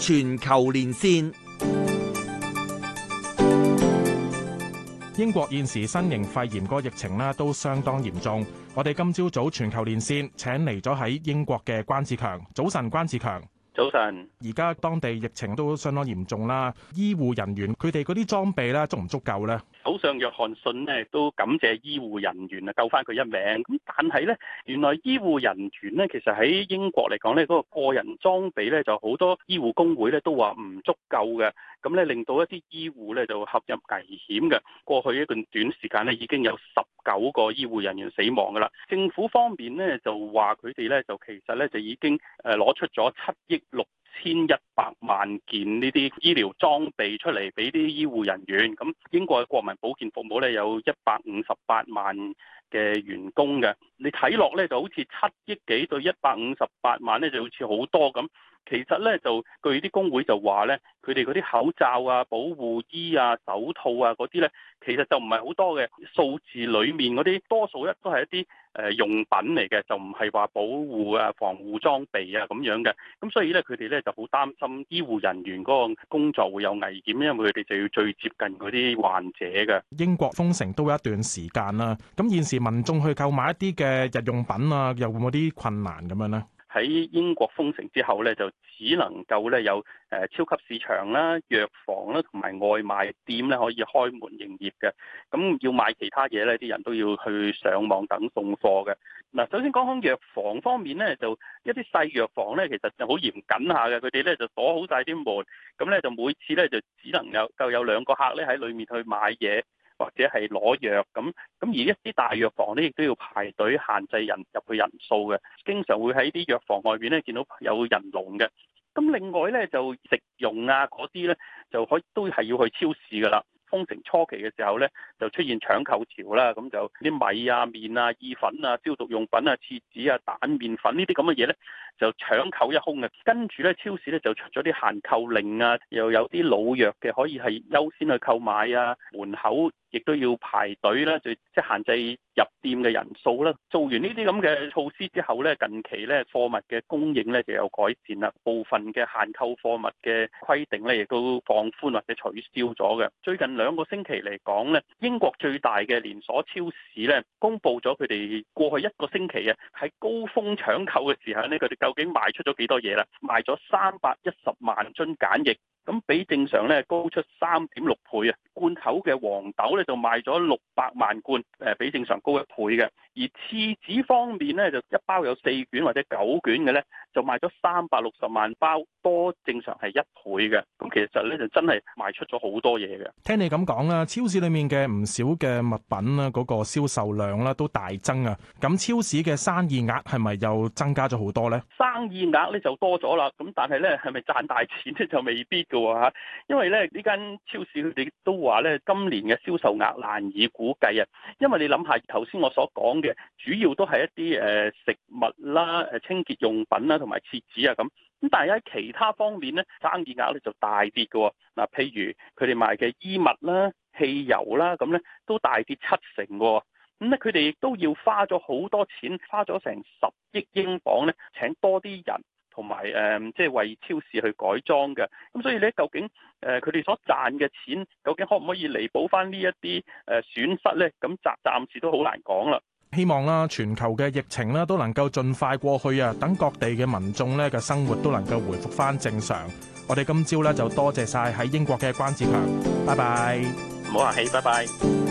全球連線，英國現時新型肺炎個疫情呢都相當嚴重。我哋今朝早，早全球連線，請嚟咗喺英國嘅關志強，早晨，關志強。早晨，而家當地疫情都相當嚴重啦。醫護人員佢哋嗰啲裝備啦，足唔足夠呢？首相約翰遜呢都感謝醫護人員啊救翻佢一命。咁但係呢，原來醫護人員呢，其實喺英國嚟講呢，嗰個個人裝備呢就好多醫護工會呢都話唔足夠嘅。咁咧令到一啲醫護咧就陷入危險嘅。過去一段短時間呢，已經有十九個醫護人員死亡噶啦，政府方面咧就話佢哋咧就其實咧就已經誒攞出咗七億六千一百萬件呢啲醫療裝備出嚟，俾啲醫護人員。咁英國嘅國民保健服務咧有一百五十八萬嘅員工嘅，你睇落咧就好似七億幾對一百五十八萬咧就好似好多咁。其實咧，就據啲工會就話咧，佢哋嗰啲口罩啊、保護衣啊、手套啊嗰啲咧，其實就唔係好多嘅。數字裏面嗰啲多數都一都係一啲誒用品嚟嘅，就唔係話保護啊、防護裝備啊咁樣嘅。咁、嗯、所以咧，佢哋咧就好擔心醫護人員嗰個工作會有危險，因為佢哋就要最接近嗰啲患者嘅。英國封城都有一段時間啦，咁現時民眾去購買一啲嘅日用品啊，又有冇啲困難咁樣咧？喺英國封城之後咧，就只能夠咧有誒、呃、超級市場啦、藥房啦同埋外賣店咧可以開門營業嘅。咁要買其他嘢咧，啲人都要去上網等送貨嘅。嗱，首先講講藥房方面咧，就一啲細藥房咧，其實就好嚴謹下嘅，佢哋咧就鎖好晒啲門，咁咧就每次咧就只能有夠有兩個客咧喺裏面去買嘢。或者係攞藥咁咁，而一啲大藥房咧，亦都要排隊限制人入去人數嘅，經常會喺啲藥房外面咧見到有人龍嘅。咁另外咧就食用啊嗰啲咧，就可以都係要去超市噶啦。封城初期嘅時候咧，就出現搶購潮啦。咁就啲米啊、麵啊、意粉啊、消毒用品啊、廁紙啊、蛋麵這這、麵粉呢啲咁嘅嘢咧。就搶購一空嘅，跟住咧超市咧就出咗啲限購令啊，又有啲老弱嘅可以係優先去購買啊，門口亦都要排隊啦、啊，就即、是、係限制入店嘅人數啦、啊。做完呢啲咁嘅措施之後咧，近期咧貨物嘅供應咧就有改善啦，部分嘅限購貨物嘅規定咧亦都放寬或者取消咗嘅。最近兩個星期嚟講咧，英國最大嘅連鎖超市咧，公佈咗佢哋過去一個星期啊喺高峰搶購嘅時候呢。佢哋。究竟賣出咗幾多嘢啦？賣咗三百一十萬樽簡易。咁比正常咧高出三點六倍啊！罐頭嘅黃豆咧就賣咗六百萬罐，誒比正常高一倍嘅。而廁紙方面咧，就一包有四卷或者九卷嘅咧，就賣咗三百六十萬包，多正常係一倍嘅。咁其實咧就真係賣出咗好多嘢嘅。聽你咁講啦，超市裏面嘅唔少嘅物品啦，嗰個銷售量啦都大增啊！咁超市嘅生意額係咪又增加咗好多呢？生意額咧就多咗啦，咁但係咧係咪賺大錢咧就未必嚇，因為咧呢間超市佢哋都話咧，今年嘅銷售額難以估計啊。因為你諗下頭先我所講嘅，主要都係一啲誒食物啦、誒清潔用品啦、同埋廁紙啊咁。咁但係喺其他方面咧，生意額咧就大跌㗎。嗱，譬如佢哋賣嘅衣物啦、汽油啦，咁咧都大跌七成㗎。咁咧佢哋亦都要花咗好多錢，花咗成十億英鎊咧請多啲人。同埋誒，即係為超市去改裝嘅，咁所以咧，究竟誒佢哋所賺嘅錢，究竟可唔可以彌補翻呢一啲誒損失咧？咁暫暫時都好難講啦。希望啦，全球嘅疫情咧都能夠盡快過去啊，等各地嘅民眾咧嘅生活都能夠回復翻正常。我哋今朝咧就多謝曬喺英國嘅關志強，拜拜，唔好客氣，拜拜。